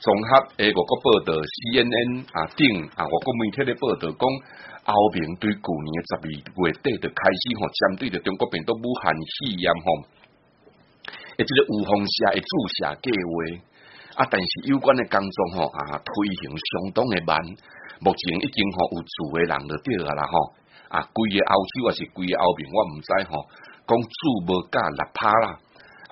綜合外國個報道，CNN 啊，頂啊，外國媒體咧報道講，歐盟對舊年嘅十二月底就開始吼，針、哦、對着中國病毒武漢肺炎吼，誒、哦，即個有方式嘅注射計劃啊，但是有關嘅工作吼啊，推行相當嘅慢，目前已經吼、哦、有做嘅人就掉個啦吼啊，規個歐洲還是規個歐盟，我毋知吼，講注無甲，六拍啦。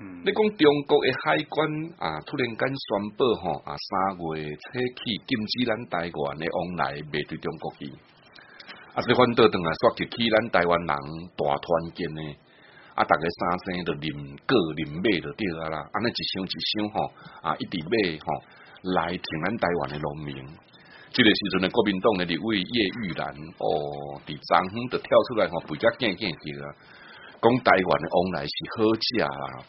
嗯、你講中國嘅海關啊，突然間宣布吼啊，三月初起禁止咱台灣嘅往來未對中國去，啊，這反倒等下煞就氣咱台灣人大團結呢，啊，大家三聲就認過認買就對啊啦，啊，那一箱一箱吼啊，一直買吼、啊啊、來聽咱台灣嘅農民，這個時陣國民黨立委葉玉蘭哦，佇昨昏跳出來吼，快快去啊，講台灣往來是好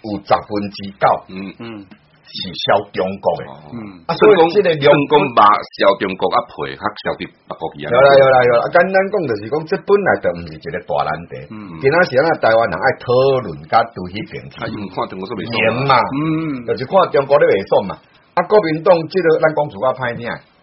有十分之九，嗯嗯，是小中國誒、哦嗯啊，嗯，所以這個兩公把小中國，國一配合小啲外國嘢。有啦有啦有啦，簡單講就是講，這本來就唔是一個大難題，嗯嗯，今下時陣台灣人愛討論看中國政治，錢嘛，嗯，嗯，就是看中國咧萎縮嘛，嗯，啊，國民黨即、這個咱講住個歹聽。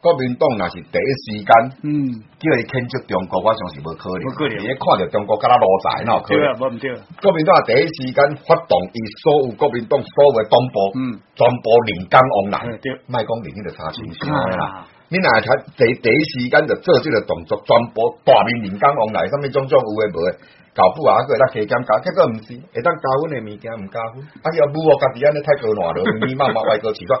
國民黨若是第一時間，嗯，叫伊譴責中國，我想是無可能。無可能。一看到中國，敢那落財喏，對啊，無唔對。國民黨啊，第一時間發動伊所有國民黨所有黨部，嗯，全部人工往內，對，莫講連天就三千。你若是第第一時間就做這個動作，全部大面積人工往內，啥物種種有誒無誒，搞不下去啦。期間搞起都唔是，會當加分誒物件唔加分，哎呀，唔哦，家己安尼太搞亂了，你慢慢歪哥起耍。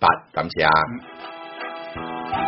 不咁似啊！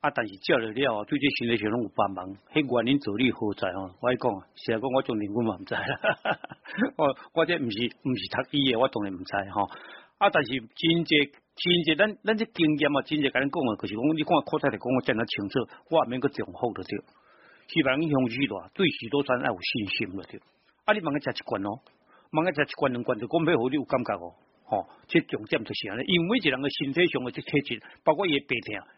啊！但是叫了了，對近身體上攏有幫忙，迄原因助力好在？我甲你講，現在講我仲連阮嘛毋知啦。我我，哈哈、哦、我這毋是毋是讀醫誒，我當然毋知吼、哦。啊！但是真嘅，真嘅，咱咱只經驗啊，真嘅，甲你講誒，就是講、嗯、你看擴大嚟講，我真係清楚，外面個重複着啲，希望你向落咯。對許多山要有信心嗰着啊！你莫個食一罐咯，莫個食一罐兩罐，罐就講配合你有感覺哦。吼？這重點就是安尼，因為一個人誒身體上嘅缺陷，包括伊誒病痛。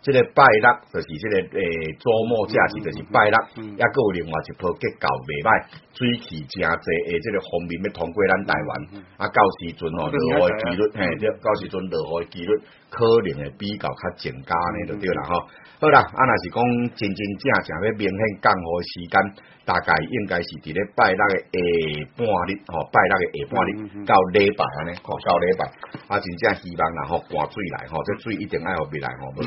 這個拜六就是這個誒，周末假期就是拜六，也、嗯、夠、嗯、有另外一波結構未歹，水汽正濟誒，這個方面要通過咱台灣、嗯嗯，啊到、嗯嗯嗯嗯嗯嗯，到時陣哦落雨誒幾率，嘿，到時陣落雨誒幾率可能會比，比較較增加呢，就對啦吼。好啦，啊那是講真真正正要明顯降雨誒時間，大概應該是佇咧拜六嘅下半日吼、喔，拜六嘅下半日到禮拜安尼吼到禮拜啊真正希望啊吼，刮水來吼，這個、水一定愛好未來吼，唔說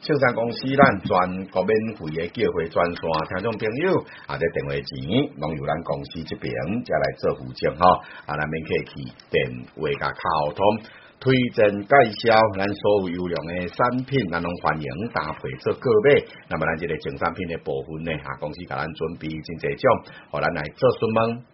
青山公司，咱全國免費嘅叫貨專線，全聽眾朋友啊，佇電話前攏有咱公司這邊，再來做負責哈，啊，咱免客氣，電話加溝通，推薦介紹咱所有有用嘅產品，咱攏歡迎搭配做購買。那麼咱這個新產品嘅部分呢，啊，公司甲咱準備真儕種，好，咱來做詢問。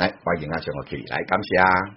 來歡迎阿、啊、張，我 K 來感謝啊！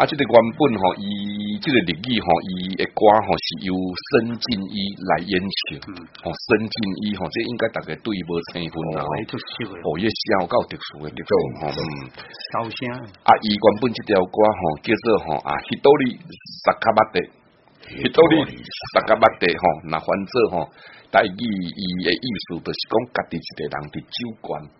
啊，這個原本吼，伊即、這個日語吼，伊嘅歌吼是由森進一來演唱，吼森進一吼，個、哦、應該逐個對無生分啦、嗯哦，哦，也笑夠特殊嘅節奏，嗯，阿伊、啊、原本即條歌吼，叫做吼啊，迄道里薩卡巴蒂，迄道里薩卡巴蒂吼，若翻做吼，台語伊伊嘅意思就是講，家己一個人佇酒館。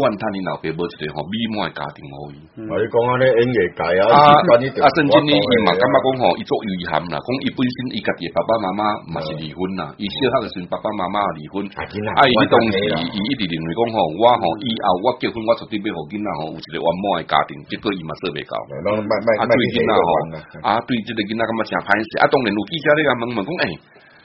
萬攤你老爸冇一個好完美的家庭可以，我哋講下啲恩義偈啊！阿阿阿生尊你二嘛，咁啊講嗬，要作遺憾啦。講一般先，佢自己爸爸媽媽咪是離婚啦，伊小漢時陣，爸爸媽媽也離婚。啊！依啲、啊啊、當伊、啊、一直認為講吼、啊啊，我吼以、啊、後我結婚，啊、我絕對要好囝仔吼，有啲完美家庭，結果伊嘛說未到，啊！對住個囝仔感覺成排斥。啊！當年有記者咧問問講，誒、啊。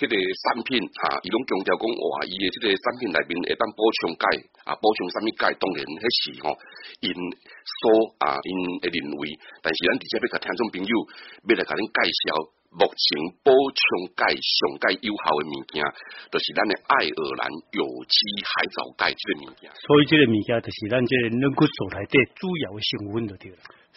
即個產品哈，伊攏強調講哇，伊嘅即個產品內面會當補充鈣啊，補充啥物鈣？當然迄是吼因所啊，因會認為，但是咱直接要甲聽眾朋友，要來甲恁介紹目前補充鈣上鈣有效嘅物件，著、就是咱嘅愛爾蘭有機海藻鈣，即、這個物件。所以即個物件，著是咱即個能夠做來對主要成分的，著對啦。